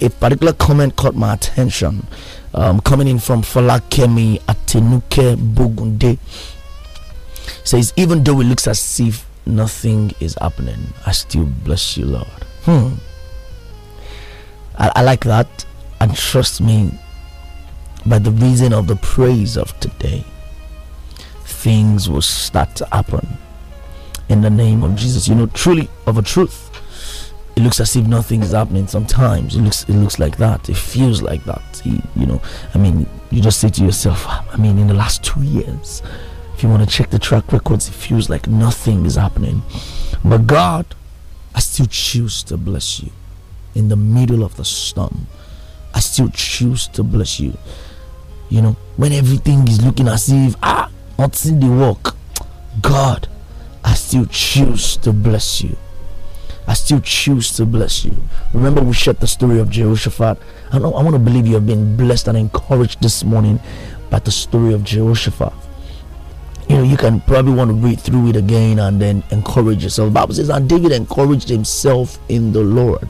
a particular comment caught my attention um, coming in from Falakemi Atenuke Bugunde. Says, even though it looks as if nothing is happening, I still bless you, Lord. Hmm. I, I like that. And trust me, by the reason of the praise of today, things will start to happen in the name of Jesus. You know, truly, of a truth, it looks as if nothing is happening sometimes it looks it looks like that it feels like that you, know i mean you just say to yourself ah, i mean in the last two years if you want to check the track records it feels like nothing is happening but god i still choose to bless you in the middle of the storm i still choose to bless you you know when everything is looking as if ah not seeing the work god i still choose to bless you I still choose to bless you. Remember, we shared the story of Jehoshaphat. I know I want to believe you have been blessed and encouraged this morning by the story of Jehoshaphat. You know, you can probably want to read through it again and then encourage yourself. The Bible says, and David encouraged himself in the Lord,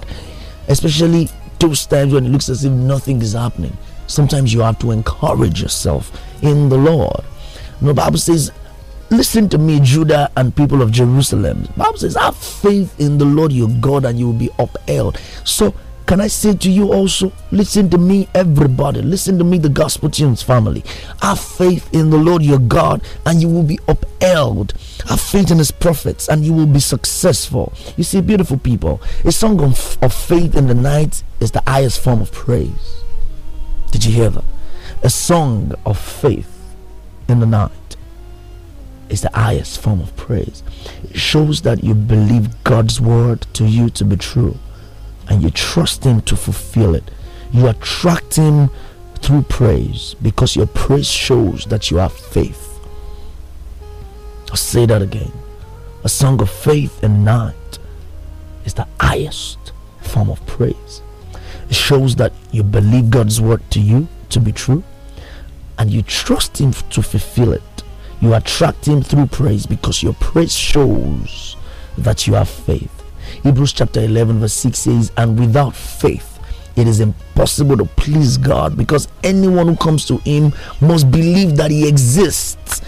especially those times when it looks as if nothing is happening. Sometimes you have to encourage yourself in the Lord. the Bible says, Listen to me, Judah and people of Jerusalem. The Bible says, Have faith in the Lord your God and you will be upheld. So, can I say to you also, listen to me, everybody, listen to me, the Gospel Tunes family. Have faith in the Lord your God and you will be upheld. Have faith in his prophets and you will be successful. You see, beautiful people, a song of, of faith in the night is the highest form of praise. Did you hear that? A song of faith in the night is the highest form of praise. It shows that you believe God's word to you to be true and you trust Him to fulfill it. You attract Him through praise because your praise shows that you have faith. I'll say that again. A song of faith and night is the highest form of praise. It shows that you believe God's word to you to be true and you trust Him to fulfill it. You attract Him through praise because your praise shows that you have faith. Hebrews chapter 11, verse 6 says, And without faith, it is impossible to please God because anyone who comes to Him must believe that He exists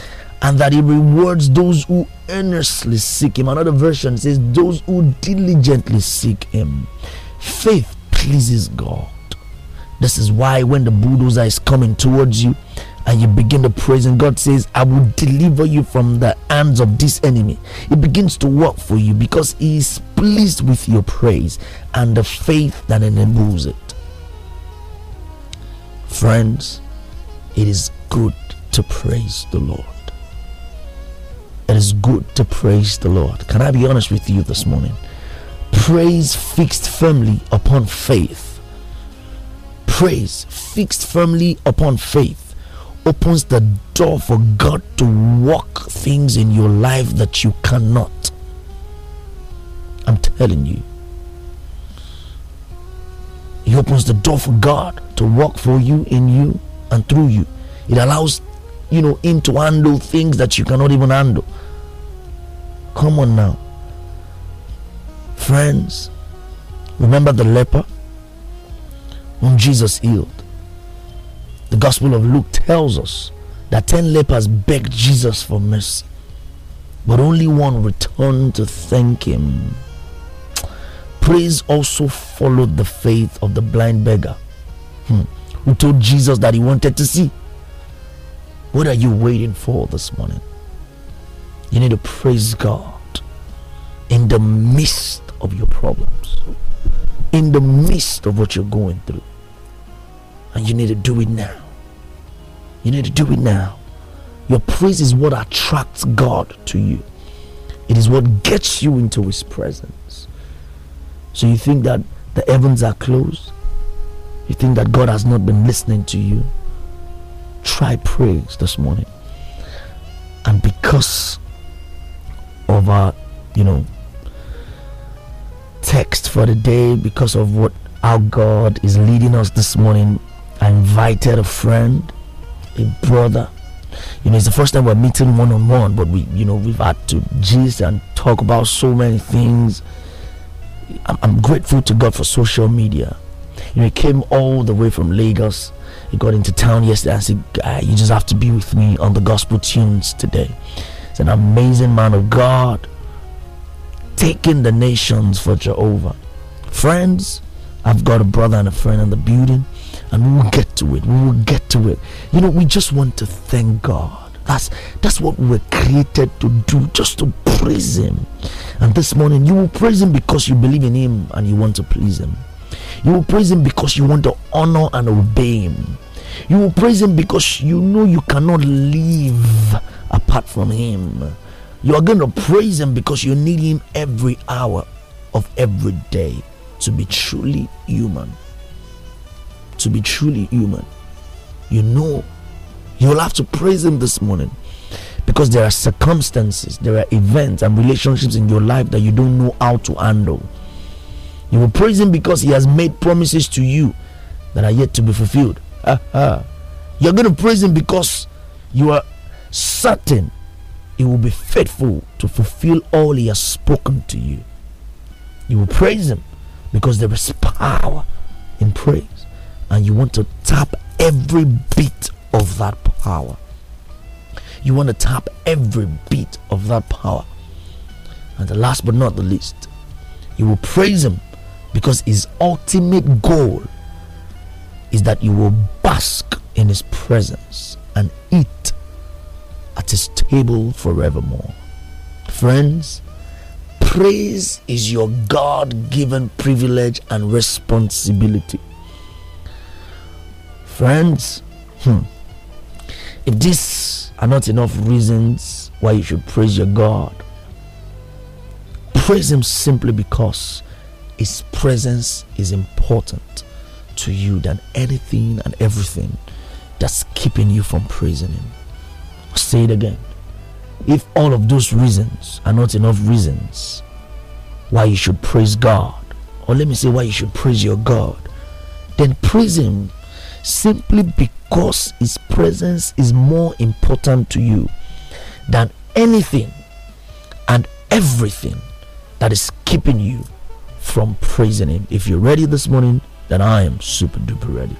and that He rewards those who earnestly seek Him. Another version says, Those who diligently seek Him. Faith pleases God. This is why when the bulldozer is coming towards you, and you begin to praise and God says I will deliver you from the hands of this enemy it begins to work for you because he is pleased with your praise and the faith that enables it friends it is good to praise the Lord it is good to praise the Lord can I be honest with you this morning praise fixed firmly upon faith praise fixed firmly upon faith opens the door for God to work things in your life that you cannot. I'm telling you. He opens the door for God to work for you, in you, and through you. It allows, you know, Him to handle things that you cannot even handle. Come on now. Friends, remember the leper whom Jesus healed. The Gospel of Luke tells us that 10 lepers begged Jesus for mercy, but only one returned to thank him. Praise also followed the faith of the blind beggar hmm, who told Jesus that he wanted to see. What are you waiting for this morning? You need to praise God in the midst of your problems, in the midst of what you're going through. And you need to do it now. You need to do it now. Your praise is what attracts God to you, it is what gets you into His presence. So you think that the heavens are closed? You think that God has not been listening to you? Try praise this morning. And because of our, you know, text for the day, because of what our God is leading us this morning, I invited a friend, a brother. You know, it's the first time we're meeting one on one, but we, you know, we've had to gist and talk about so many things. I'm, I'm grateful to God for social media. You know, he came all the way from Lagos. He got into town yesterday and said, Guy, you just have to be with me on the gospel tunes today. It's an amazing man of God taking the nations for Jehovah. Friends, I've got a brother and a friend in the building and we will get to it. We will get to it. You know, we just want to thank God. That's that's what we're created to do, just to praise Him. And this morning, you will praise Him because you believe in Him and you want to please Him. You will praise Him because you want to honor and obey Him. You will praise Him because you know you cannot live apart from Him. You are going to praise Him because you need Him every hour of every day to be truly human to be truly human. You know, you'll have to praise Him this morning because there are circumstances, there are events and relationships in your life that you don't know how to handle. You will praise Him because He has made promises to you that are yet to be fulfilled. You're going to praise Him because you are certain He will be faithful to fulfill all He has spoken to you. You will praise Him because there is power in praise and you want to tap every bit of that power. You want to tap every bit of that power. And the last but not the least, you will praise Him because His ultimate goal is that you will bask in His presence and eat at His table forevermore. Friends, praise is your God given privilege and responsibility. Friends, hmm, if these are not enough reasons why you should praise your God, praise Him simply because His presence is important to you than anything and everything that's keeping you from praising Him. I'll say it again. If all of those reasons are not enough reasons why you should praise God, or let me say why you should praise your God, then praise Him simply because His presence is more important to you than anything and everything that is keeping you from praising Him. If you're ready this morning, then I am super duper ready.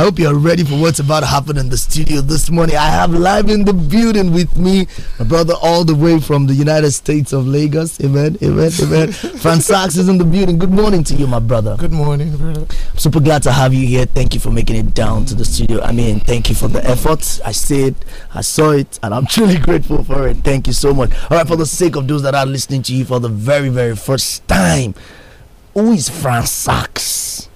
I hope you're ready for what's about to happen in the studio this morning. I have live in the building with me, my brother, all the way from the United States of Lagos. Amen, amen, amen. Fran Sachs is in the building. Good morning to you, my brother. Good morning, brother. I'm super glad to have you here. Thank you for making it down to the studio. I mean, thank you for the effort. I see it, I saw it, and I'm truly grateful for it. Thank you so much. All right, for the sake of those that are listening to you for the very, very first time, who is Fran Sachs?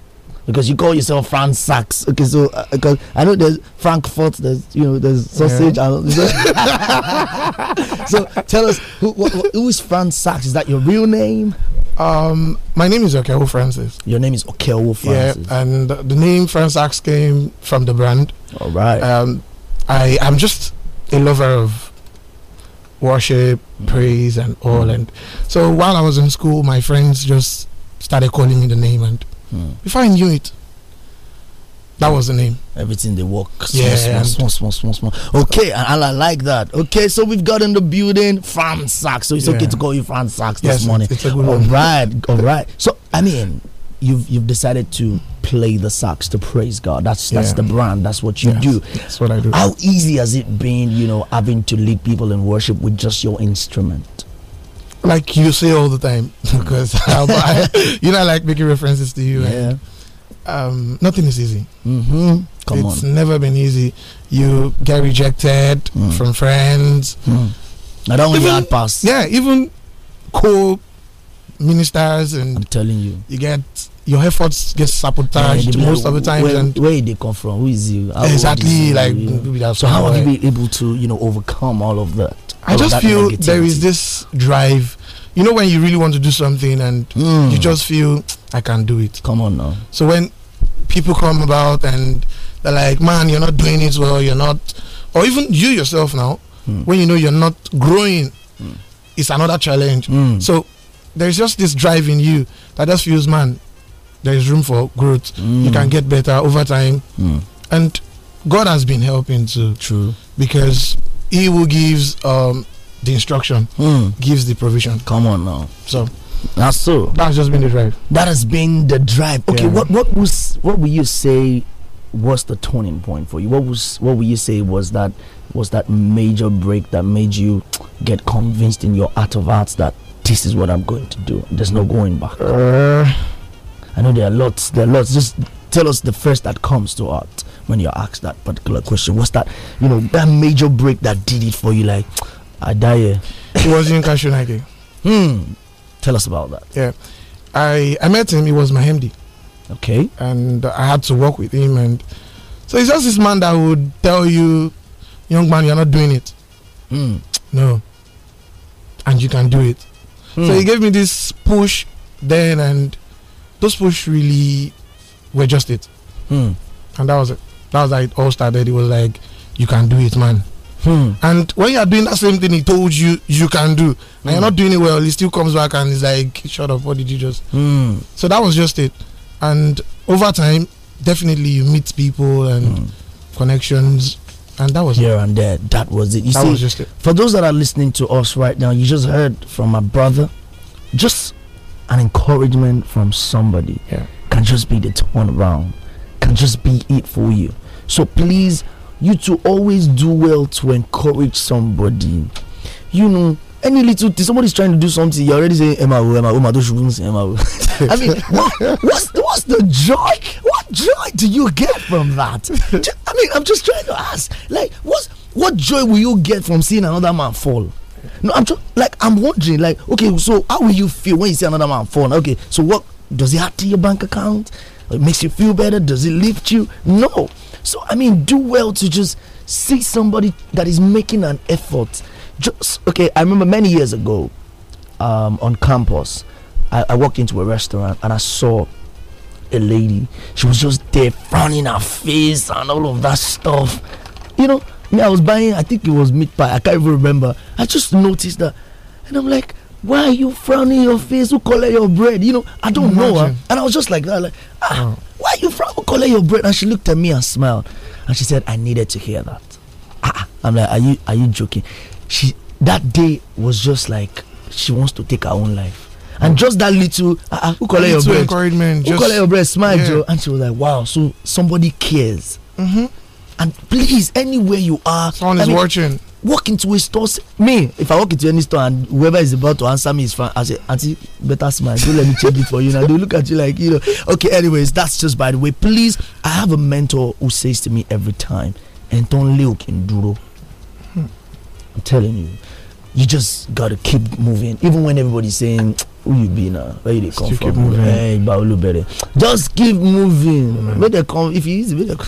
because you call yourself Franz Sachs. Okay, so because uh, I know there's Frankfurt, there's you know there's sausage. Yeah. And, so tell us who, who is Franz Sachs? Is that your real name? Um, my name is Okeo Francis. Your name is Okeo Francis. Yeah, and the name Franz Sachs came from the brand. All right. Um, I am just a lover of worship, mm. praise, and all. Mm. And so while I was in school, my friends just started calling me the name and Mm. Before I knew it, that was the name. Everything they work. Small, yeah. Small, small, small, small, small. Okay, and I like that. Okay, so we've got in the building Fran Sachs. So it's yeah. okay to call you Fran Sachs yes, this morning. It's a good all one. right, all right. So I mean, you've you've decided to play the sax to praise God. That's that's the brand. That's what you yes, do. That's what I do. How easy has it been, you know, having to lead people in worship with just your instrument? like you say all the time because you know I like making references to you. Yeah. And, um, nothing is easy. Mm-hmm. Come it's on. never been easy. You get rejected mm. from friends. Mm. Not only that, hard pass. Yeah, even co ministers and I'm telling you, you get your efforts get sabotaged yeah, most like, of the time. Where, and where they come from? Who is you? How exactly, like you? so. How are you able to you know overcome all of that? I just feel there is this drive. You know when you really want to do something and mm. you just feel I can do it. Come on now. So when people come about and they're like, "Man, you're not doing it well. You're not," or even you yourself now, mm. when you know you're not growing, mm. it's another challenge. Hmm. So there's just this drive in you that just feels, man, there is room for growth. You hmm. can get better over time, hmm. and God has been helping too. True. Because he who gives um, the instruction mm. gives the provision. Come on now. So that's so. That's just been the drive. That has been the drive. Okay, yeah. what what was what will you say was the turning point for you? What was what will you say was that was that major break that made you get convinced in your art of arts that this is what I'm going to do. There's no going back. Uh, I know there are lots. There are lots. Just tell us the first that comes to art when you're asked that particular question. What's that, you know, that major break that did it for you? Like, I die It was in Cashew Nike. Hmm. Tell us about that. Yeah. I, I met him, he was my MD. Okay. And I had to work with him. And so it's just this man that would tell you, young man, you're not doing it. Hmm. No. And you can do it. So hmm. he gave me this push then, and those push really we're just it. Hmm. And that was it. That was how it all started. It was like, you can do it, man. Hmm. And when you are doing that same thing he told you you can do, and you're hmm. not doing it well, he still comes back and he's like, shut up, what did you just? Hmm. So that was just it. And over time, definitely you meet people and hmm. connections and that was here it. and there. That was it. You that see, it. for those that are listening to us right now, you just heard from my brother, just an encouragement from somebody. Yeah can just be the turnaround, can just be it for you. So please, you to always do well to encourage somebody. You know, any little thing somebody's trying to do something you're already saying emma o emma o mado say emma mean what, what's, what's the joy what joy do you get from that i mean i'm just trying to ask like what what joy will you get from seeing another man fall no i'm just like i'm wondering like okay so how will you feel when you see another man fall okay so what does it add to your bank account? It makes you feel better? Does it lift you? No. So, I mean, do well to just see somebody that is making an effort. Just, okay, I remember many years ago um, on campus, I, I walked into a restaurant and I saw a lady. She was just there frowning her face and all of that stuff. You know, me, I was buying, I think it was meat pie, I can't even remember. I just noticed that. And I'm like, why are you frowning your face? Who color your bread? You know, I don't ah. Imagine. know. And I was just like that, like, ah, oh. why are you frowning? Who color your bread? And she looked at me and smiled. And she said, I needed to hear that. Ah, ah, I'm like, are you are you joking? She that day was just like she wants to take her own life. And oh. just that little, ah, ah who color your bread? Encouragement, who just, color your bread? Smile, yeah. Joe. And she was like, wow, so somebody cares. Mm-hmm and please, anywhere you are, someone I is mean, watching. Walk into a store. Me, if I walk into any store and whoever is about to answer me is fine, I say, Auntie, better smile. Don't let me check it for you. Now they look at you like, you know. Okay, anyways, that's just by the way. Please, I have a mentor who says to me every time, "And don't look in duro." Hmm. I'm telling you, you just gotta keep moving. Even when everybody's saying, who you be now where you dey come from eh olubere just keep moving make dem come if you easy make dem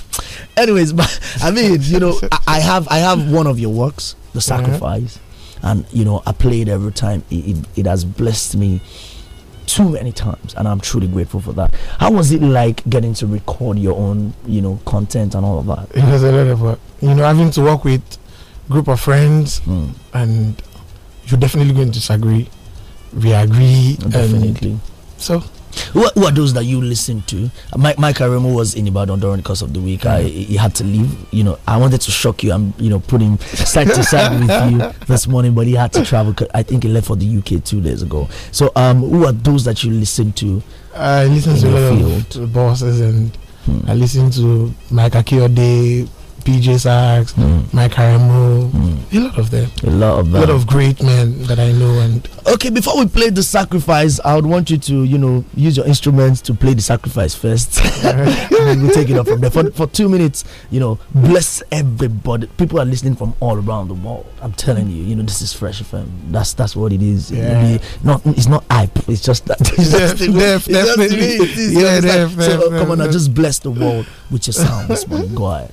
anyways but i mean you know I, I have i have one of your works the uh-huh. sacrifice and you know i play it every time it, it, it has blessed me too many times and i'm truly grateful for that how was it like getting to record your own you know content and all of that it was a lot of work you know having to work with group of friends mm. and you're definitely going to disagree we agree. Definitely. so who, are those that you listen to? Mike, Mike Aremo was in Ibadan during the course of the week. Mm. I he had to leave. You know, I wanted to shock you. I'm you know putting side to side with you this morning, but he had to travel. I think he left for the UK two days ago. So, um, who are those that you listen to? I listen to a lot of bosses, and hmm. I listen to Mike Akiode, PJ Sachs, mm. Mike Haramo, mm. a lot of them. A lot of them. A lot of great men that I know. And okay, before we play the sacrifice, I would want you to you know use your instruments to play the sacrifice first. and we'll take it off from there for, for two minutes. You know, bless everybody. People are listening from all around the world. I'm telling you, you know, this is Fresh FM. That's that's what it is. Yeah. It not it's not hype. It's just that. It's just def, def, definitely. Just, yeah, def, like, def, so, def, come on, now, just bless the world with your sound this morning. Go ahead.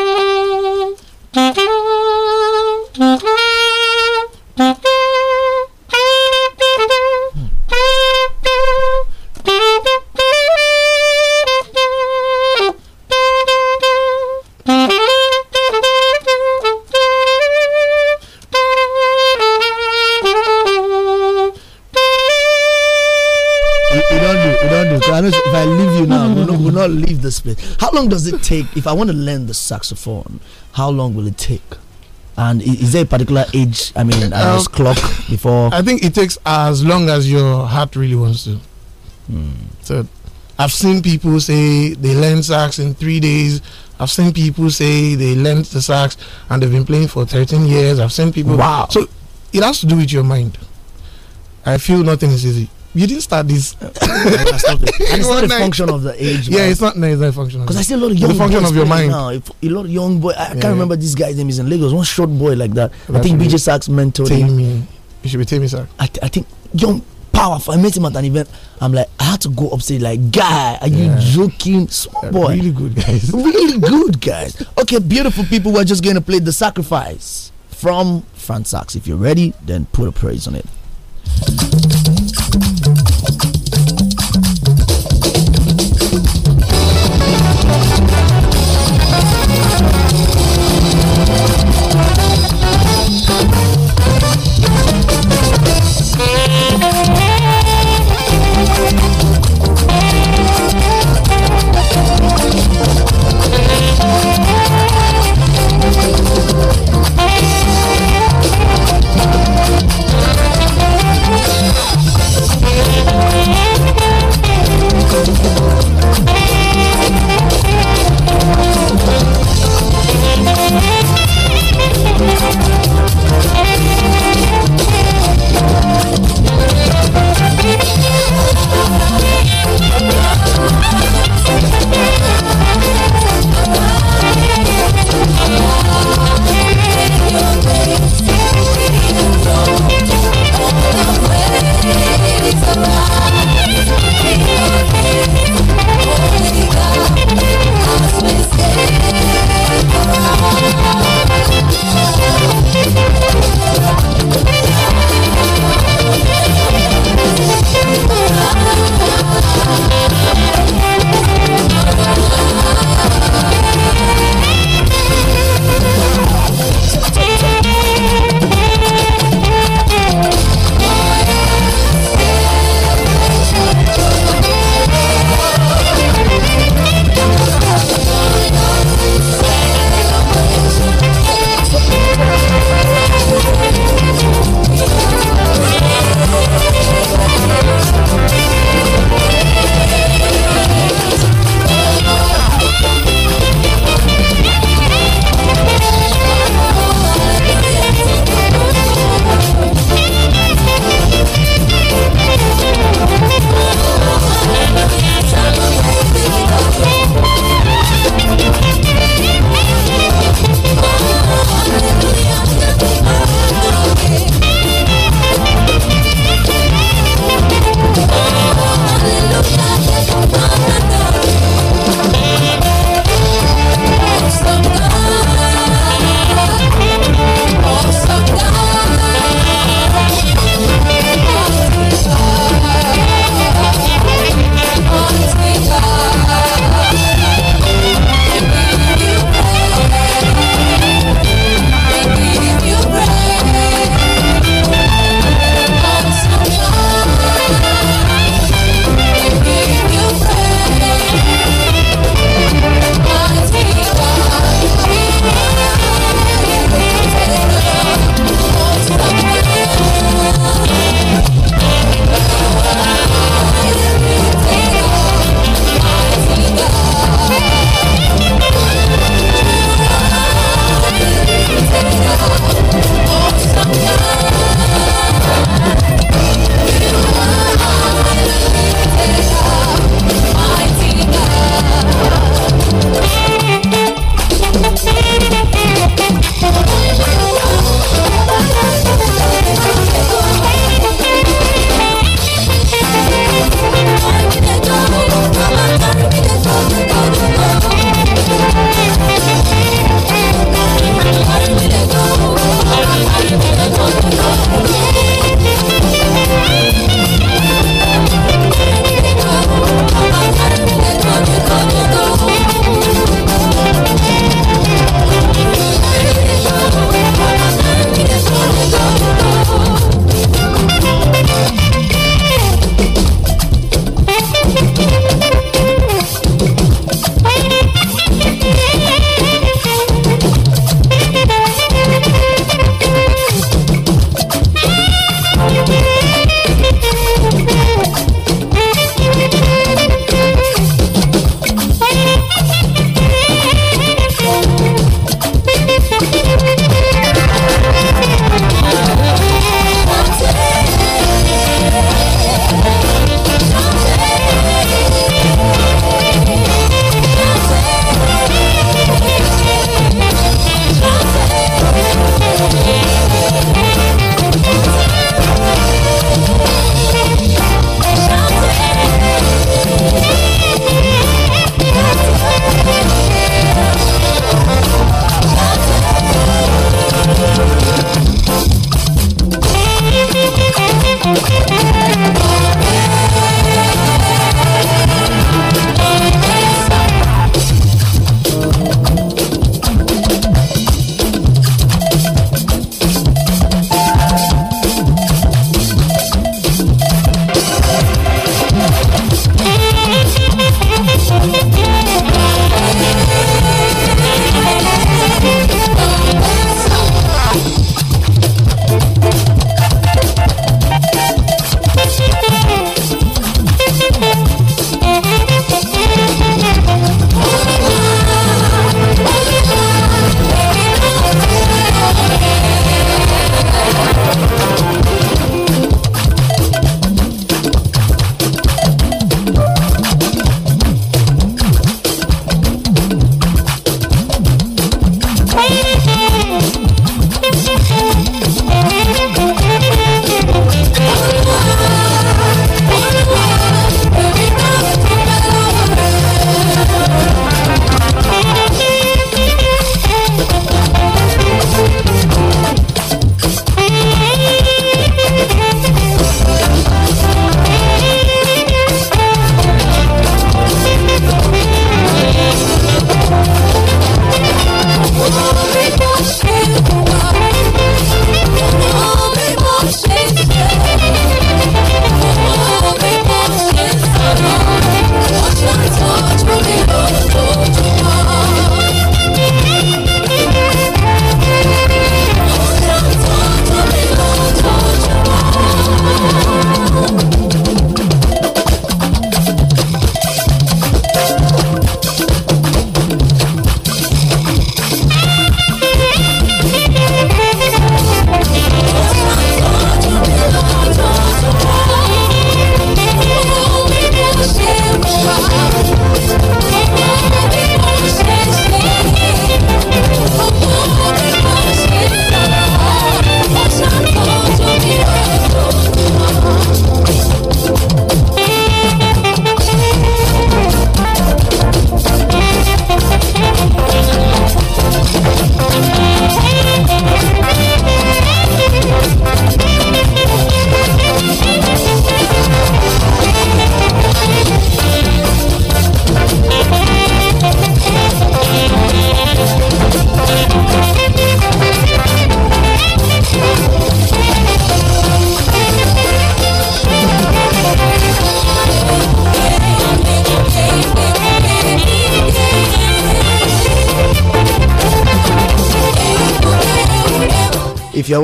how long does it take if I want to learn the saxophone? How long will it take? And is there a particular age? I mean, uh, um, clock before? I think it takes as long as your heart really wants to. Hmm. So, I've seen people say they learn sax in three days. I've seen people say they learn the sax and they've been playing for 13 years. I've seen people. Wow. So, it has to do with your mind. I feel nothing is easy you didn't start this. Uh, it's not a function of the age. Yeah, it's not. No, it's not a function. Because I see a lot of young. The function of your mind. Now. A lot of young boy. I yeah, can't yeah. remember this guy's name. Is in Lagos. One short boy like that. That's I think BJ Sachs mentored him. You should be Timmy Sachs. I, th I think young powerful. I met him at an event. I'm like, I had to go upstairs. Like, guy, are yeah. you joking? Small boy. Really good guys. really good guys. Okay, beautiful people. We're just going to play the sacrifice from Franz Sachs. If you're ready, then put a praise on it.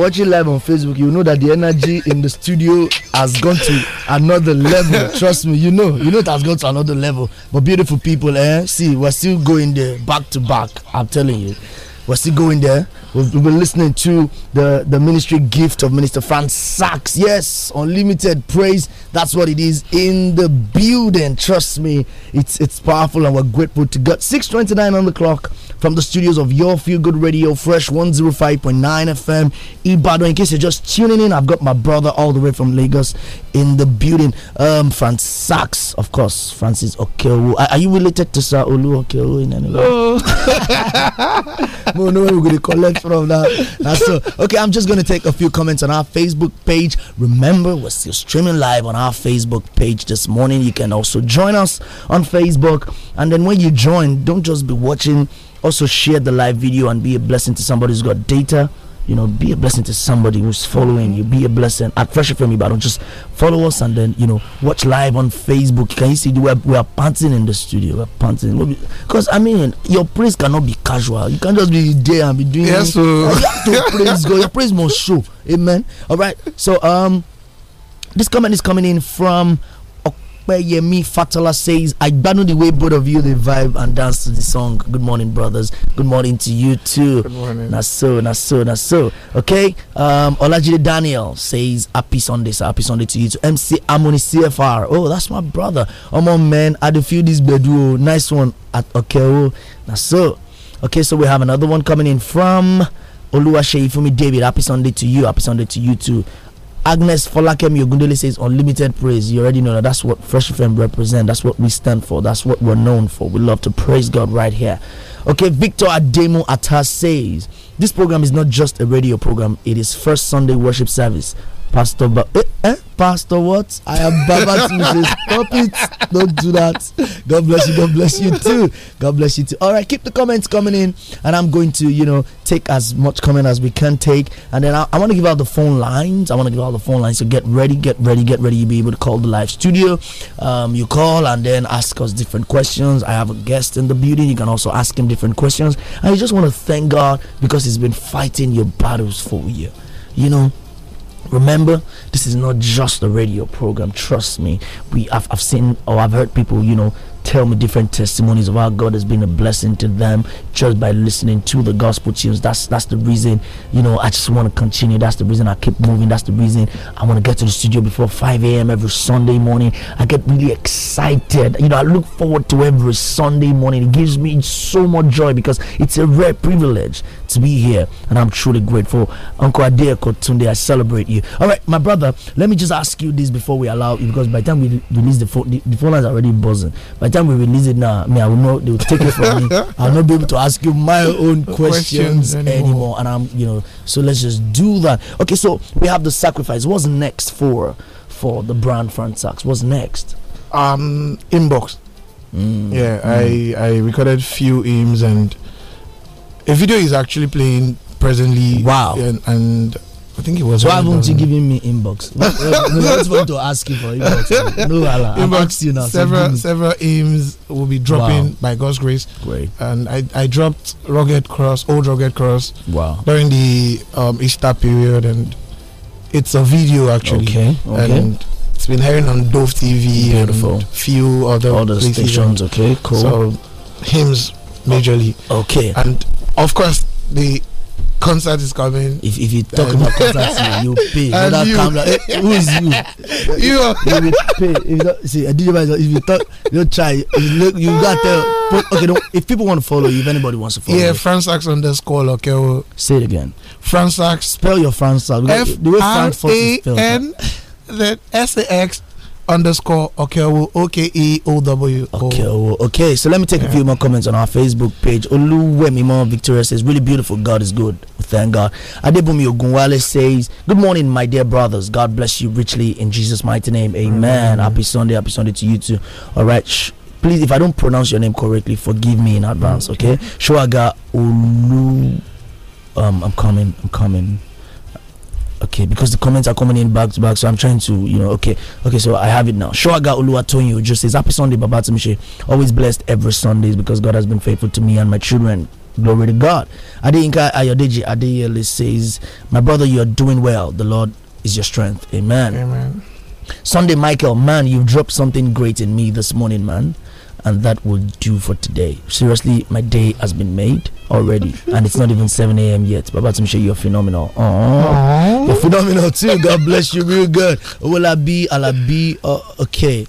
watching live on Facebook, you know that the energy in the studio has gone to another level. Trust me, you know, you know it has gone to another level. But beautiful people, eh? See, we're still going there back to back. I'm telling you. We're still going there. We've, we've been listening to the, the ministry gift of Minister Franz Sachs. Yes, unlimited praise. That's what it is in the building. Trust me, it's it's powerful and we're grateful to God. 629 on the clock from the studios of Your Feel Good Radio, Fresh 105.9 FM, Ibadan. In case you're just tuning in, I've got my brother all the way from Lagos in the building. Um, Franz Sachs, of course, Francis Okewu. Are, are, you related to Sir Olu Okewu in any way? Oh. no, no, we're going to collect from that. That's so. Okay, I'm just going to take a few comments on our Facebook page. Remember, we're still streaming live on our Facebook page this morning. You can also join us on Facebook. And then when you join, don't just be watching also, share the live video and be a blessing to somebody who's got data. You know, be a blessing to somebody who's following you. Be a blessing at Fresh FM Ibadan. Just follow us and then, you know, watch live on Facebook. Can you see we're, we're panting in the studio? We're panting. Because, I mean, your praise cannot be casual. You can't just be there and be doing Yes, sir. You have to praise God. Your praise must show. Amen. All right. So, um, this comment is coming in from me Fatola says, I don't know the way both of you they vibe and dance to the song. Good morning, brothers. Good morning to you too. Good morning. That's so, so, so. Okay. Um, Olajide Daniel says, Happy Sunday, sir. Happy Sunday to you too. MC Harmony CFR. Oh, that's my brother. I'm on, man. I do feel this bedu. Oh, nice one at Okeo. Oh. That's so. Okay, so we have another one coming in from Oluwa Sheifumi David. Happy Sunday to you. Happy Sunday to you too. Agnes Folakem Yogundele says unlimited praise. You already know that that's what Fresh FM represent. That's what we stand for. That's what we're known for. We love to praise God right here. Okay, Victor Ademo Atas says this program is not just a radio program. It is first Sunday worship service Pastor, ba- eh, eh, Pastor, what? I am Baba Tuesday. Stop it. Don't do that. God bless you. God bless you too. God bless you too. All right, keep the comments coming in, and I'm going to, you know, take as much comment as we can take. And then I, I want to give out the phone lines. I want to give out the phone lines. So get ready, get ready, get ready. You'll be able to call the live studio. Um, you call and then ask us different questions. I have a guest in the building. You can also ask him different questions. I just want to thank God because He's been fighting your battles for you. You know, Remember, this is not just a radio program. Trust me. We have I've seen or I've heard people, you know, tell me different testimonies of how God has been a blessing to them just by listening to the gospel tunes. That's that's the reason, you know, I just want to continue. That's the reason I keep moving. That's the reason I want to get to the studio before 5 a.m. every Sunday morning. I get really excited. You know, I look forward to every Sunday morning. It gives me so much joy because it's a rare privilege to be here, and I'm truly grateful. Uncle Adair Kotunde, I celebrate you. All right, my brother, let me just ask you this before we allow you because by the time we release the phone, the, the phone already buzzing. By time we release it now, me, I will know they will take it from me. I'll not be able to ask you my own questions, questions anymore. anymore. And I'm, you know, so let's just do that. Okay, so we have the sacrifice. What's next for for the brand front sacks? What's next? Um, inbox. Mm. Yeah, mm. I I recorded few aims and a video is actually playing presently. Wow. And, and I think it was. Why haven't you given me inbox? we just want to ask you for inbox. No, Allah. you now. Several, so several aims will be dropping wow. by God's grace. Great. And I, I dropped Rugged Cross, Old Rugged Cross. Wow. During the um, Easter period, and it's a video actually. Okay. Okay. And it's been airing on Dove TV Beautiful. and few other, other stations. Okay. Cool. So hymns majorly. Okay. And of course the concert is coming. If, if you talk about concert, you, you pay. And that you. Camera, eh, who is you? You. you will pay. If you don't, see, a DJ, if you talk, you try. You, you got to. Okay, don't, if people want to follow you, if anybody wants to follow yeah, you. Yeah, Fransax underscore, okay. Well. Oh. Say it again. Fransax. Spell your Fransax. F-R-A-N, then S-A-X underscore Okeowo O K E O W. Okay, so let me take yeah. a few more comments on our Facebook page. Oluwemimo Victoria says, "Really beautiful. God is good. Thank God." Adebumi Ogunwale says, "Good morning, my dear brothers. God bless you richly in Jesus' mighty name. Amen. Mm -hmm. Happy Sunday. Happy Sunday to you too. All right." Please, if I don't pronounce your name correctly, forgive me in advance, okay? Mm-hmm. Shuaga Olu. Um, I'm coming, I'm coming okay because the comments are coming in back to back so i'm trying to you know okay okay so i have it now shoaga you, just says happy sunday babatimishi always blessed every sundays because god has been faithful to me and my children glory to god Adinka ayodeji adeyele says my brother you are doing well the lord is your strength amen amen sunday michael man you've dropped something great in me this morning man and that will do for today. Seriously, my day has been made already, and it's not even 7 a.m. yet. But Baba Tumshe, you're phenomenal. Oh, You're phenomenal too. God bless you, real good. Will I be? I'll be uh, okay.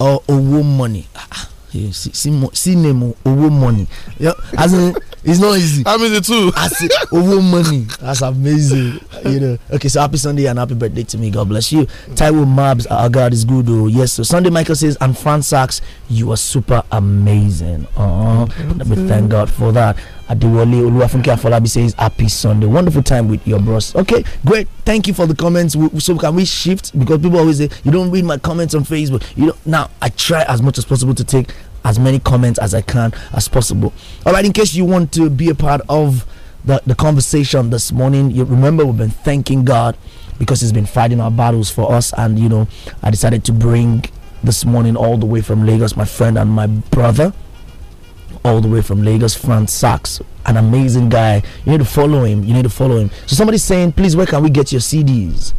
Uh, oh, woman money. Ah, ah you see, see, see name owo money yeah, as in it's not easy i'm easy too as in owo money that's amazing you know okay so happy sunday and happy birthday to me god bless you taiwo mabs our god is good oh yes so sunday michael says and fran sachs you are super amazing oh let me thank god for that Adewale Oluwafunke Afolabi says happy Sunday. Wonderful time with your bros. Okay, great. Thank you for the comments. So can we shift because people always say you don't read my comments on Facebook. You know now I try as much as possible to take as many comments as I can as possible. All right, in case you want to be a part of the, the conversation this morning, you remember we've been thanking God because He's been fighting our battles for us, and you know, I decided to bring this morning all the way from Lagos my friend and my brother, all the way from Lagos, France, Sachs. An amazing guy. You need to follow him. You need to follow him. So somebody's saying, please, where can we get your CDs?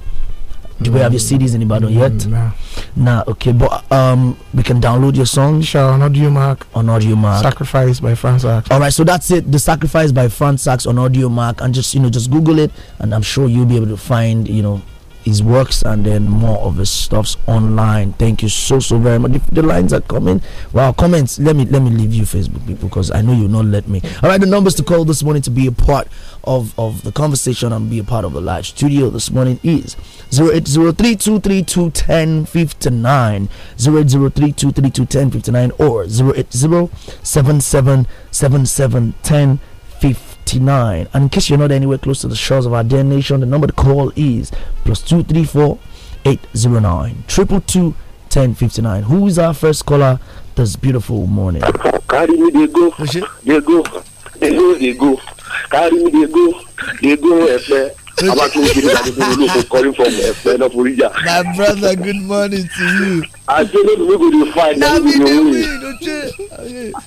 Do we have your CDs in Ibadan mm, yet? Nah. nah. okay, but um, we can download your song. Sure, on audio mark. On audio mark. Sacrifice by Franz Sachs. All right, so that's it. The Sacrifice by Franz Sachs on audio mark, and just you know, just Google it, and I'm sure you'll be able to find you know his works and then more of his stuffs online. Thank you so so very much. If the lines are coming, well, comments. Let me let me leave you Facebook because I know you'll not let me. All right, the numbers to call this morning to be a part of of the conversation and be a part of the live studio this morning is 08032321059, or zero eight zero seven seven seven seven ten fifty 59. And in case you're not anywhere close to the shores of our dear nation, the number to call is plus 234 809 222 1059. Who is our first caller this beautiful morning? Carry me, they go. They go. They go, they go. Carry me, they go. They go, uh, my brother good morning to you. i say no be we go dey na we dey win.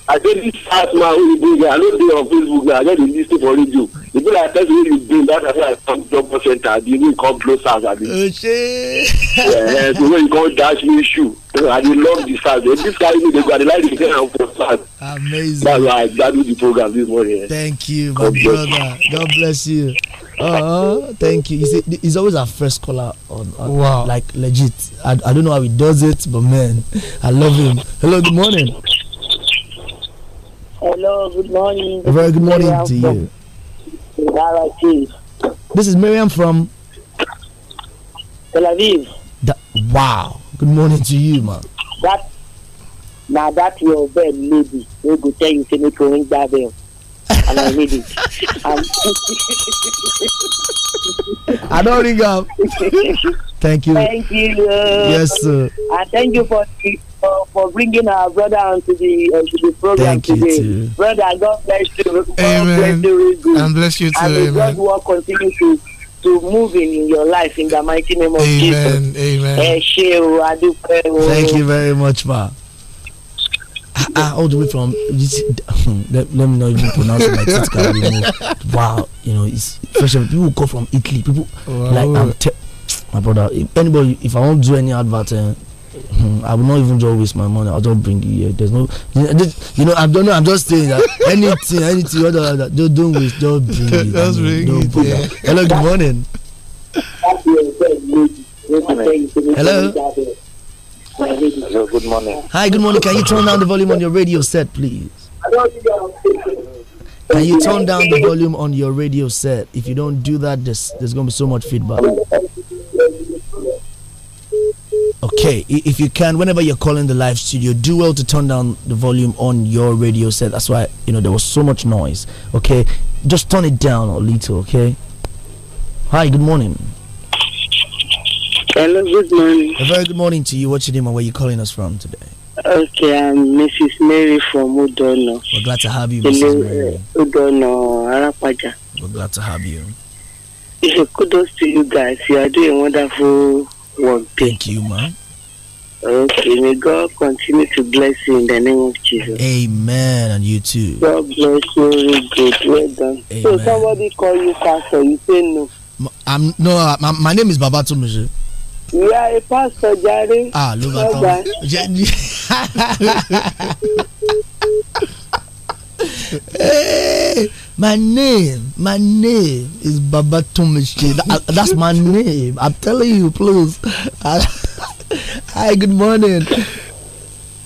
i say this fat man wey you bring i no dey on facebook na i just the list ten for radio e be like person wey you bring that why i come doctor center abi wey come blow sars abi. oṣee. ẹ̀ẹ́d so when you come dash me shoe i dey love the sars dem this carry me dey go i dey like the kind of for sars. amazing that's why i gbadu the program this morning. thank you my god brother God bless you. Uh, thank you. He's, he's always our first caller on, on wow. like legit. I, I don't know how he does it, but man, I love him. Hello, good morning. Hello, good morning. A very good morning Miriam to you. This is Miriam from Tel Aviv. wow. Good morning to you, man. That now that your bed lady, we go tell you to make your ring and I need it. And I don't ring up. Thank you. Thank you. yes, sir. Uh, thank you for the, uh, for bringing our brother onto the to the program thank today. You too. Brother, God bless you. God bless you. And bless you too. And Amen. God will continue to to move in, in your life in the mighty name of Amen. Jesus. Amen. Amen. Thank you very much, ma ah, ah, all the way from this, let, let, me not even pronounce my critical you know, wow you know it's first of all people go from italy people wow. like i'm my brother if anybody if i won't do any advert uh, I will not even just waste my money. i don't bring it here. There's no, you know, I don't know. I'm just saying that anything, anything, other, other that, don't waste. not bring it. Just bring no it. Yeah. Hello, good morning. Hello. Hello, good morning. Hi, good morning. Can you turn down the volume on your radio set, please? Can you turn down the volume on your radio set? If you don't do that, there's, there's going to be so much feedback. Okay, if you can, whenever you're calling the live studio, do well to turn down the volume on your radio set. That's why, you know, there was so much noise. Okay, just turn it down a little, okay? Hi, good morning. Hello, good morning. A very good morning to you. What's your name and where are you calling us from today? Okay, I'm Mrs. Mary from Udono. We're glad to have you, Mrs. Uh, Mary. Udono, Arapaja. We're glad to have you. It's a kudos to you guys. You are doing wonderful work. Thank you, ma'am. Okay, may God continue to bless you in the name of Jesus. Amen, and you too. God bless you, good. Well done. Amen. So somebody call you pastor, you say no. I'm no. Uh, my, my name is Babatunde ìyá ẹ pásítọ̀ jáde. ah ló bá tán hey, my name, my name is Babatunde. That, uh, that's my name. I'm telling you, please. Hi, good morning.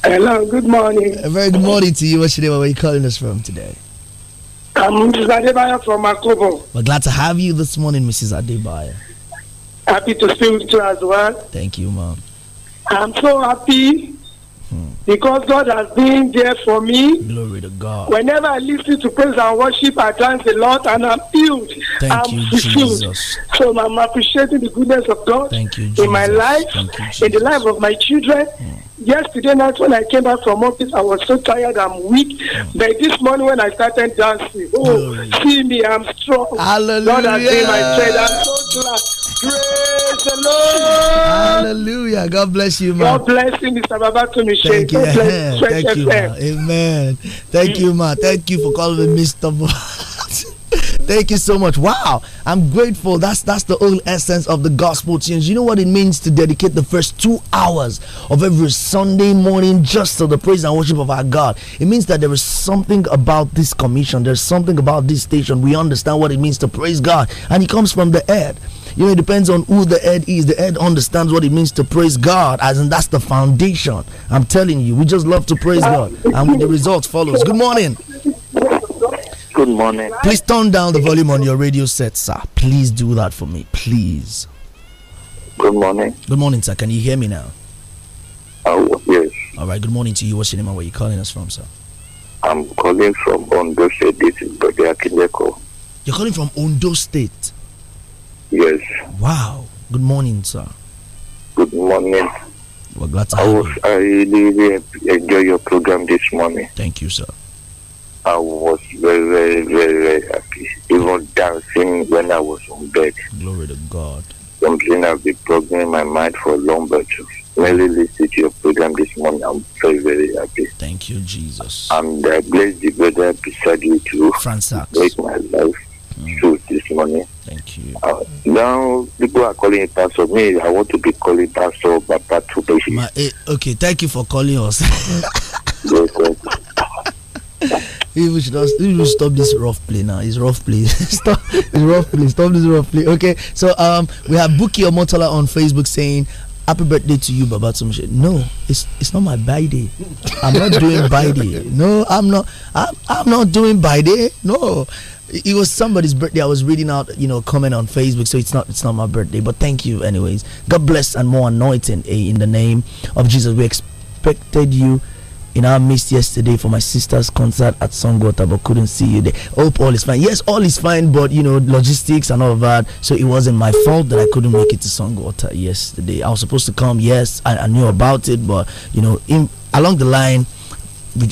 Hello, good morning. A very good morning to you. What's your name? Where are you calling us from today? I'm Mrs. Adebayo from akobo. We're glad to have you this morning, Mrs. Adebayo. Happy to speak with you as well. Thank you, mom. I'm so happy hmm. because God has been there for me. Glory to God. Whenever I listen to praise and worship, I dance the Lord and I'm healed. Thank I'm you, fulfilled. Jesus. So I'm appreciating the goodness of God Thank you, in my life, you, in the life of my children. Hmm yesterday night when I came back from office, I was so tired, I'm weak. Mm. But this morning when I started dancing, oh, see me, I'm strong. Hallelujah. God has been my friend. I'm so glad. Praise the Lord. Hallelujah. God bless you, man. God bless you, Mr. Babatumi. Thank you. Bless Thank you, Amen. Thank you, man. Thank you for calling me Mr. Thank you so much. Wow, I'm grateful. That's that's the whole essence of the gospel Change. You know what it means to dedicate the first two hours of every Sunday morning just to the praise and worship of our God. It means that there is something about this commission. There's something about this station. We understand what it means to praise God, and it comes from the head. You know, it depends on who the head is. The head understands what it means to praise God, as in that's the foundation. I'm telling you, we just love to praise God, and the result follows. Good morning. Good morning. Please turn down the volume on your radio set, sir. Please do that for me, please. Good morning. Good morning, sir. Can you hear me now? Oh, yes. All right. Good morning to you. What's your name and where you calling us from, sir? I'm calling from Ondo State. This is Brother Akineko. You're calling from Ondo State. Yes. Wow. Good morning, sir. Good morning. We're glad to I, was, you. I really enjoy your program this morning. Thank you, sir. I was very, very, very, very happy. Even dancing when I was on bed. Glory to God. Something I've been programming my mind for a long but really listen to your program this morning. I'm very, very happy. Thank you, Jesus. And I bless the brother beside you too. Francis. Make my life mm. this morning. Thank you. Uh, now, people are calling it Pastor. Me, I want to be calling Pastor Baba Tubeshi. okay, thank you for calling us. yes, We should, we should stop this rough play now. It's rough play. stop it's rough play. Stop this rough play. Okay. So um we have Buki Omotola on Facebook saying happy birthday to you, Baba Tumshe. No, it's it's not my birthday. I'm not doing birthday. No, I'm not I'm, I'm not doing birthday. No it was somebody's birthday. I was reading out, you know, a comment on Facebook, so it's not it's not my birthday, but thank you anyways. God bless and more anointing eh, in the name of Jesus. We expected you in our midst yesterday for my sister's concert at Songwater, but couldn't see you there. Hope all is fine. Yes, all is fine, but you know, logistics and all that. So it wasn't my fault that I couldn't make it to Songwater yesterday. I was supposed to come, yes, I, I knew about it, but you know, in, along the line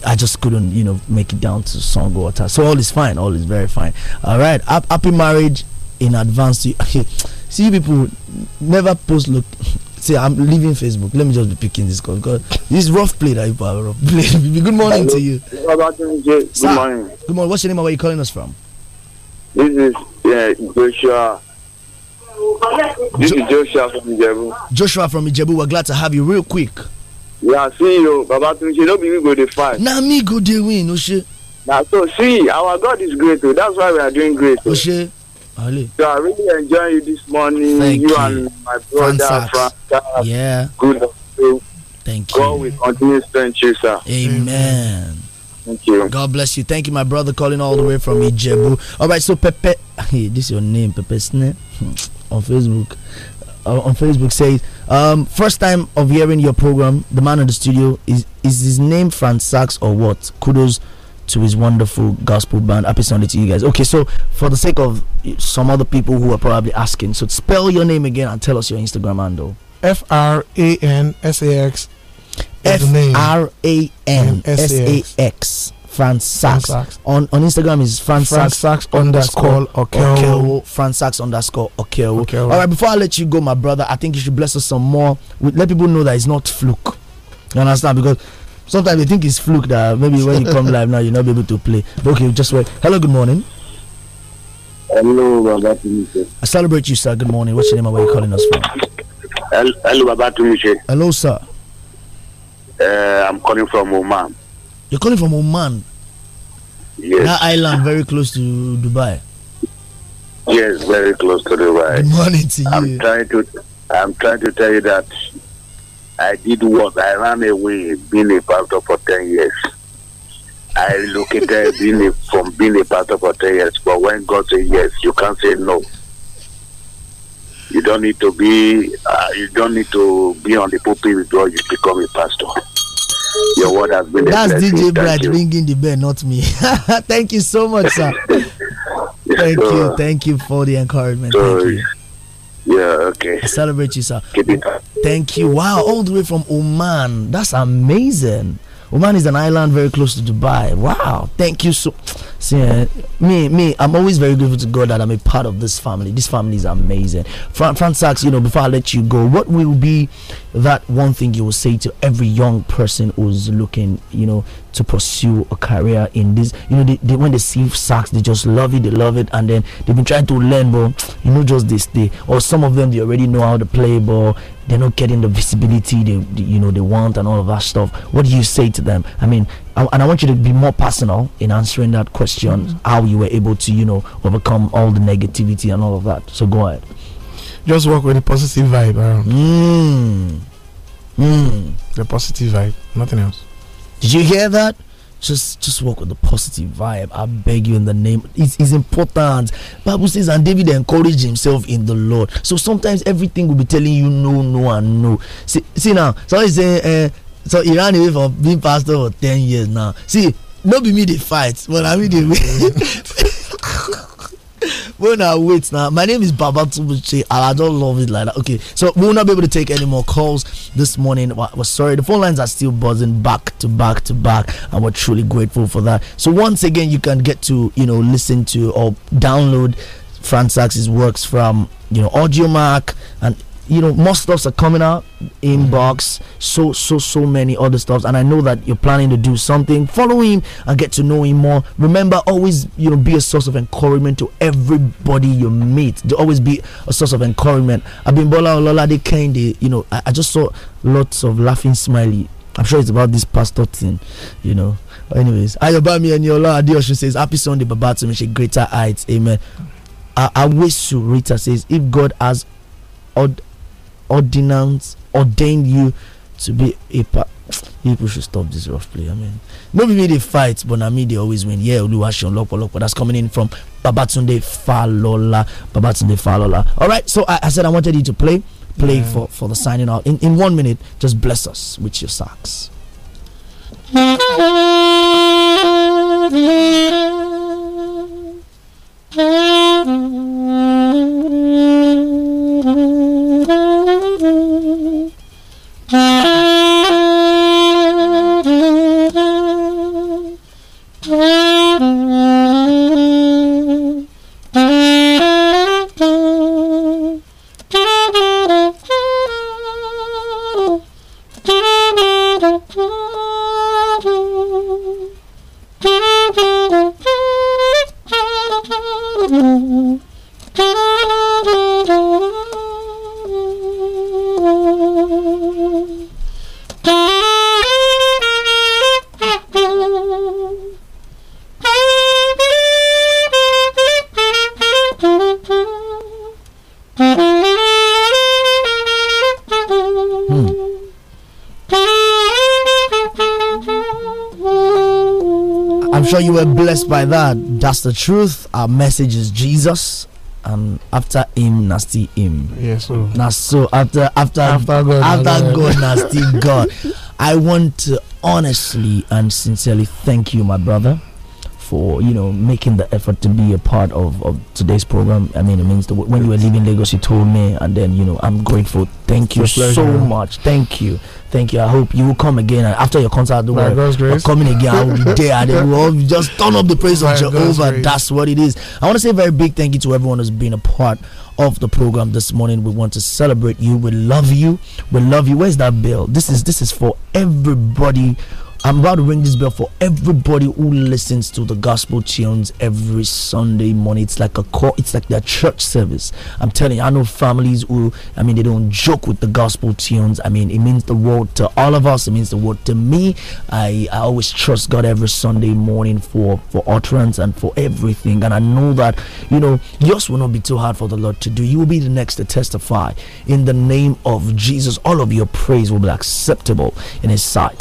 I just couldn't, you know, make it down to Songwater. So all is fine. All is very fine. All right. Happy marriage in advance. to you. See, people never post look. See, I'm leaving Facebook. Let me just be picking this call because this rough play that you've rough play. Good morning Hello. to you. Good Sir, morning. Good morning. What's your name? Where are you calling us from? This is yeah Joshua. This jo is Joshua from Ijebu. Joshua from Ijebu. We're glad to have you. Real quick yeah see o oh, babatunde no be we go dey fight. na me go dey win ose. na so see our god is great o oh, that's why we are doing great oh. o. ose ale. so i really enjoy you this morning thank you, you and my brother franca yeah. good afternoon. thank you god we continue thank you sir. amen. Thank you. God bless you. Thank you, my brother, calling all the way from Ijebu. All right, so Pepe, hey, this is your name, Pepe Snare, on Facebook. Uh, on Facebook says, um, first time of hearing your program, the man in the studio is is his name Franz Sachs or what? Kudos to his wonderful gospel band. Happy Sunday to you guys. Okay, so for the sake of some other people who are probably asking, so spell your name again and tell us your Instagram handle. F R A N S A X. F R A N S A X. Franz Sachs. On on Instagram is Franz, Franz Sachs, underscore Okelwo. Franz Sachs underscore Okelwo. All right, before I let you go, my brother, I think you should bless us some more. Let people know that it's not fluke. You understand? Because sometimes they think it's fluke that maybe when you come live now you'll not be able to play. But okay, just wait. Hello, good morning. Hello, Baba I celebrate you, sir. Good morning. What's your name and where you calling us from? Hello, Baba Hello, sir. Uh, I'm calling from Oman. You're calling from Oman. Yes. That island very close to Dubai. Yes, very close to Dubai. Good morning to you. I'm trying to I'm trying to tell you that I did what I ran away being a pastor for ten years. I relocated being a, from being a pastor for ten years, but when God says yes, you can't say no. You don't need to be uh, you don't need to be on the pulpit before you become a pastor. Your word has been That's DJ Bright ringing the bell, not me. thank you so much, sir. thank so, you. Thank you for the encouragement. So, thank you. Yeah, okay. I celebrate you, sir. Keep it Thank you. Wow, all the way from Oman. That's amazing. Oman is an island very close to Dubai. Wow, thank you so much See, uh, me, me, I'm always very grateful to God that I'm a part of this family. This family is amazing. Fran, Fran Sachs, you know, before I let you go, what will be that one thing you will say to every young person who's looking, you know, to pursue a career in this? You know, they, they when they see Sachs, they just love it, they love it, and then they've been trying to learn, but you know, just this day. Or some of them, they already know how to play, but they're not getting the visibility they, you know they want and all of that stuff what do you say to them i mean I, and i want you to be more personal in answering that question mm-hmm. how you were able to you know overcome all the negativity and all of that so go ahead just work with a positive vibe around mm. Mm. the positive vibe nothing else did you hear that just just work with the positive vibe i beg you in the name it's, it's important bible says and david encouraged himself in the lord so sometimes everything will be telling you no no and no see, see now somebody say uh, so he ran away from being pastor for 10 years now see don't be me dey fight but i mean when I wait now, my name is Babatubuchi, and I don't love it like that. Okay, so we will not be able to take any more calls this morning. We're, sorry, the phone lines are still buzzing back to back to back, and we're truly grateful for that. So once again, you can get to you know listen to or download Franz Sax's works from you know AudioMark and you know more stuffs are coming out inbox so so so many other stuffs and i know that you're planning to do something follow him and get to know him more remember always you know be a source of encouragement to everybody you meet to always be a source of encouragement abimbola ololade kende you know I, I just saw lots of laughing smiley i'm sure it's about this pastor thing you know anyways ayobami eniola She says happy sunday baba to me greater heights amen I, I wish to Rita says if God has odd ordinance ordained you to be a part. People should stop this rough play. I mean, maybe they fight, but I mean they always win. Yeah, Oluwaseun Lopolopo. That's coming in from Babatunde Falola. Babatunde Falola. All right. So I, I said I wanted you to play, play yeah. for for the signing out. In in one minute, just bless us with your sacks. sure you were blessed by that. That's the truth. Our message is Jesus. And after him, nasty him. Yes, sir. so after after after God, after God nasty God. I want to honestly and sincerely thank you, my brother for you know making the effort to be a part of, of today's program. I mean, it means the, when you were leaving Lagos, you told me, and then you know I'm grateful. Thank you so much. Thank you, thank you. I hope you will come again after your concert. Don't By worry, coming again. I will be there, and then we'll just turn up the praise of Jehovah. That's what it is. I want to say a very big thank you to everyone who's been a part of the program this morning. We want to celebrate you. We love you. We love you. Where's that bill? This is this is for everybody I'm about to ring this bell for everybody who listens to the gospel tunes every Sunday morning. It's like a call, it's like their church service. I'm telling you, I know families who, I mean, they don't joke with the gospel tunes. I mean, it means the world to all of us. It means the world to me. I, I always trust God every Sunday morning for for utterance and for everything. And I know that you know yours will not be too hard for the Lord to do. You will be the next to testify in the name of Jesus. All of your praise will be acceptable in His sight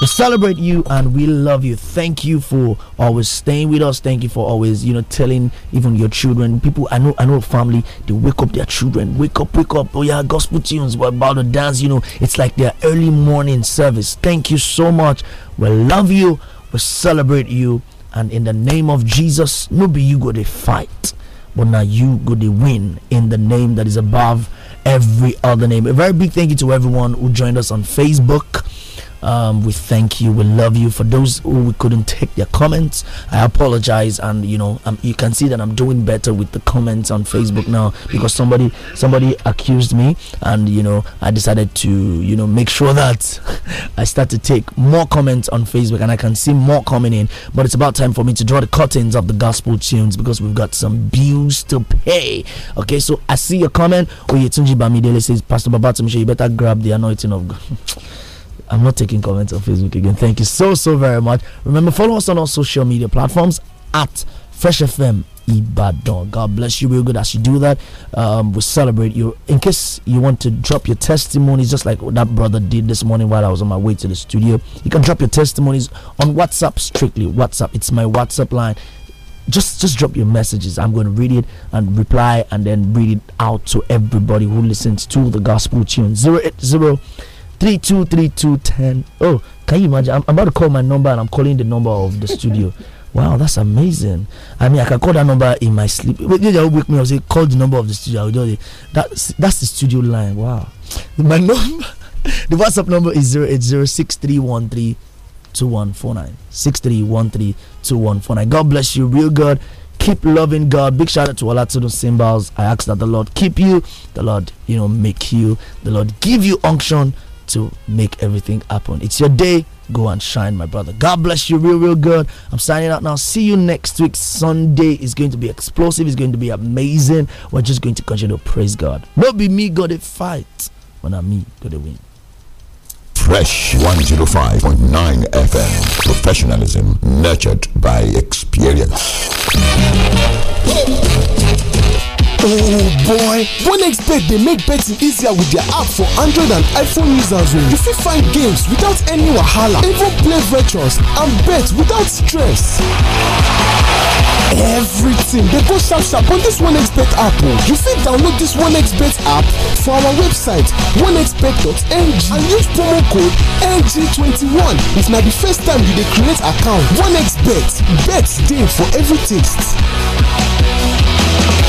to celebrate you and we love you thank you for always staying with us thank you for always you know telling even your children people i know i know family they wake up their children wake up wake up oh yeah gospel tunes we're about to dance you know it's like their early morning service thank you so much we love you we celebrate you and in the name of jesus no be you go to fight but now you go to win in the name that is above every other name a very big thank you to everyone who joined us on facebook um, we thank you. We love you. For those who we couldn't take their comments, I apologize. And you know, um, you can see that I'm doing better with the comments on Facebook now because somebody somebody accused me, and you know, I decided to you know make sure that I start to take more comments on Facebook, and I can see more coming in. But it's about time for me to draw the curtains of the gospel tunes because we've got some bills to pay. Okay, so I see your comment. Oh, Oyetunji Bamidele says, Pastor Babatunde, you better grab the anointing of God. I'm not taking comments on Facebook again. Thank you so, so very much. Remember, follow us on all social media platforms at Fresh FM Ibadan. God bless you real good as you do that. Um, we celebrate you. In case you want to drop your testimonies, just like that brother did this morning while I was on my way to the studio, you can drop your testimonies on WhatsApp strictly. WhatsApp, it's my WhatsApp line. Just, just drop your messages. I'm going to read it and reply, and then read it out to everybody who listens to the gospel tune. Zero eight zero. 080 323210. Oh, can you imagine? I'm, about to call my number and I'm calling the number of the studio. Wow, that's amazing. I mean, I can call that number in my sleep. But they will wake me up say, call the number of the studio. I do it. That's, that's the studio line. Wow. My number, the WhatsApp number is 0806313. God bless you, real God. Keep loving God. Big shout out to all the Symbols. I ask that the Lord keep you, the Lord, you know, make you, the Lord give you unction to make everything happen. It's your day. Go and shine, my brother. God bless you, real, real good. I'm signing out now. See you next week. Sunday is going to be explosive. It's going to be amazing. We're just going to continue to praise God. Not be me, God, a fight. But not me, God, a win. Fresh 105.9 FM. Professionalism nurtured by experience. Oh boy! OneXBet dey make betting easier with their app for Android and iPhone users o. Oh. You fit find games without any wahala, even play virtuals and bet without stress. Everything dey go sharp sharp on this OneXBet app o. Oh. You fit download this OneXBet app for our website onexbet.ng and use promo code NG21 if na the first time you dey create account. OneXBet, bet dey for every taste.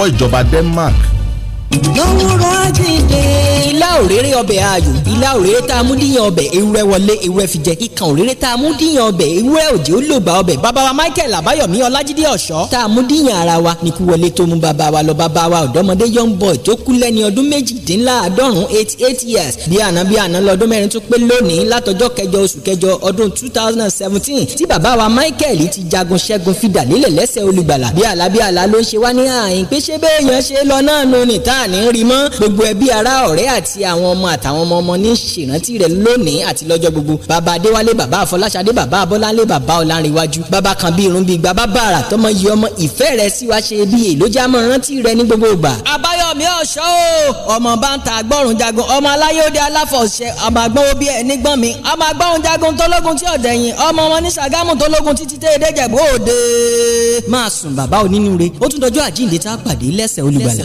lọ́wọ́ ìjọba Denmark lówùrọ̀ jíde. ilá òréré ọbẹ̀ ayò ilá òréré tá a mú díyan ọbẹ̀ ewúrẹ́ wọlé ewúrẹ́ fi jẹ ìkan òréré tá a mú díyan ọbẹ̀ ewúrẹ́ òjì olóògbà ọbẹ̀ bàbá wa Michael àbáyọ̀mí ọlájídé ọ̀ṣọ́ tá a mú díyan ara wa níkú wọlé tó mú bàbá wa lọ bàbá wa ọ̀dọ́mọdé young boy tó kú lẹ́ni ọdún méjìdínláàádọ́rùn eighty eight years bí àná bí àná lọ́dún mẹ́rin tó pé lónìí látọjọ́ kẹjọ oṣù kẹjọ ọdún two thousand and seventeen tí bàbá wa Michael ti jagun ṣẹ́gun fìdà nílẹ̀ lẹ́sẹ̀ olùgbàlà bí àlá bí àlá ló ń ṣe wá ní àyìn pé ṣé bẹ́ẹ̀ yẹn ṣe lọ náà nù nìta tá à ní rí mọ́ gbogbo ẹbí ará ọ̀rẹ́ àti àwọn ọmọ àtàwọn ọmọ ọmọ ní ṣèrántí rẹ̀ lónìí àti lọ́jọ́ gbogbo bàbá adéwálé bàbá àfọláṣadé bàbá abọ́láńlé bàbá ọ̀làǹrẹ̀wájú bàbá kan bí irun bí gba bàbá tọmọ yìí ọmọ ìfẹ́ rẹ̀ sí wa ṣe bí èló mọ́ rántí rẹ̀ ní gbogbo ìgbà. àbáyọ̀mí ọ̀ṣọ́ o ọmọ bá ń ta agbọ́rùn jagun ọmọ aláyọ̀dẹ aláfọ̀ṣẹ́ ọmọ àgbọ̀n obi ẹ̀ nígbọ̀n mi ọmọ agbọ́rùn jagun tọ́lógun tí ọ̀dẹ̀yìn ọmọ wọn ní sàgámù tọ́lógun títí tẹ́ ẹ̀ẹ́dẹ́gbẹ̀bọ òde. máa sùn bàbá onínúure ó tún dọjọ́ àjíǹde tá a pàdé lẹ́sẹ̀ olùgbàlà.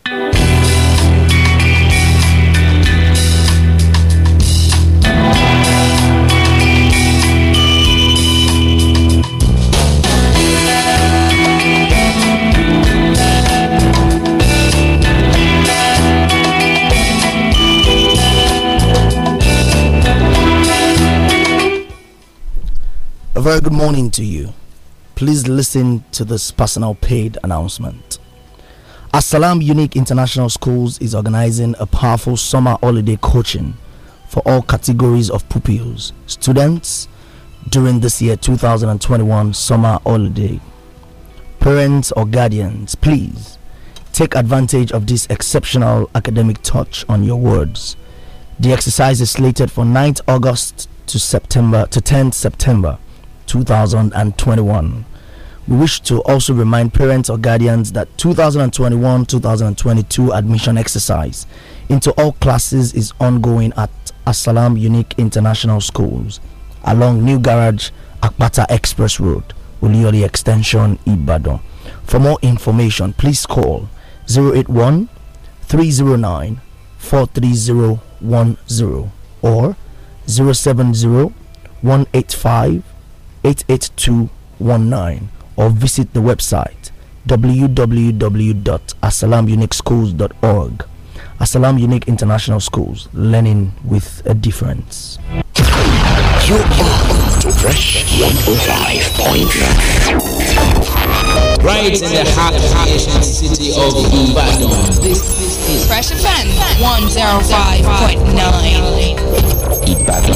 very good morning to you. Please listen to this personal paid announcement. Asalam Unique International Schools is organizing a powerful summer holiday coaching for all categories of pupils, students during this year 2021 summer holiday. Parents or guardians, please take advantage of this exceptional academic touch on your words. The exercise is slated for 9th August to September to 10th September 2021. We wish to also remind parents or guardians that 2021 2022 admission exercise into all classes is ongoing at Asalam Unique International Schools along New Garage Akpata Express Road, Ulioli Extension, Ibadan. For more information, please call 081 309 or 070 185 88219 or visit the website www.assalamuniqueschools.org. Assalam Unique International Schools, learning with a difference. You are to Fresh 105.9. Right in the heart of the city of Ibadan. This is Fresh Offense 105.9. Ibadan.